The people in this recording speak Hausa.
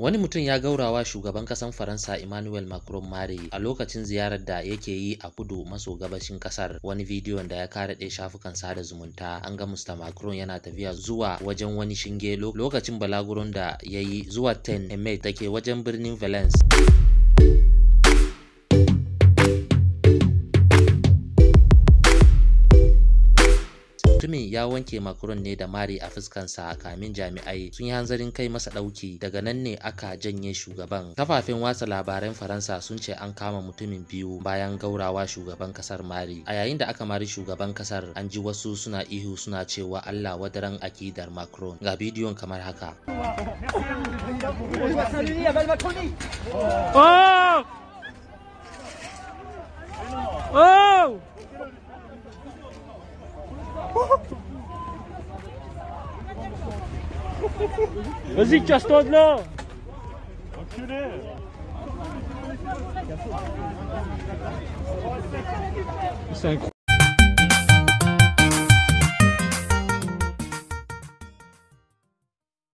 Wani mutum ya gaurawa shugaban ƙasar Faransa Emmanuel Macron Mare a lokacin ziyarar da yake yi a kudu maso gabashin ƙasar wani bidiyon da ya karaɗe shafukan sada zumunta an ga Mr. Macron yana tafiya zuwa wajen wani shinge lokacin balaguron da ya yi zuwa 10 Emet take wajen birnin Valence. Mutumin ya wanke Macron ne da mari a fuskansa kamin jami'ai sun yi hanzarin kai masa ɗauki daga nan ne aka janye shugaban. Kafafen watsa labaran Faransa sun ce an kama mutumin biyu bayan gaurawa shugaban kasar mari. A yayin da aka mari shugaban kasar an ji wasu suna ihu suna cewa Allah wadaran akidar Macron. Ga bidiyon kamar haka. Oh! Vas-y, casse-toi de là Enculé C'est incroyable.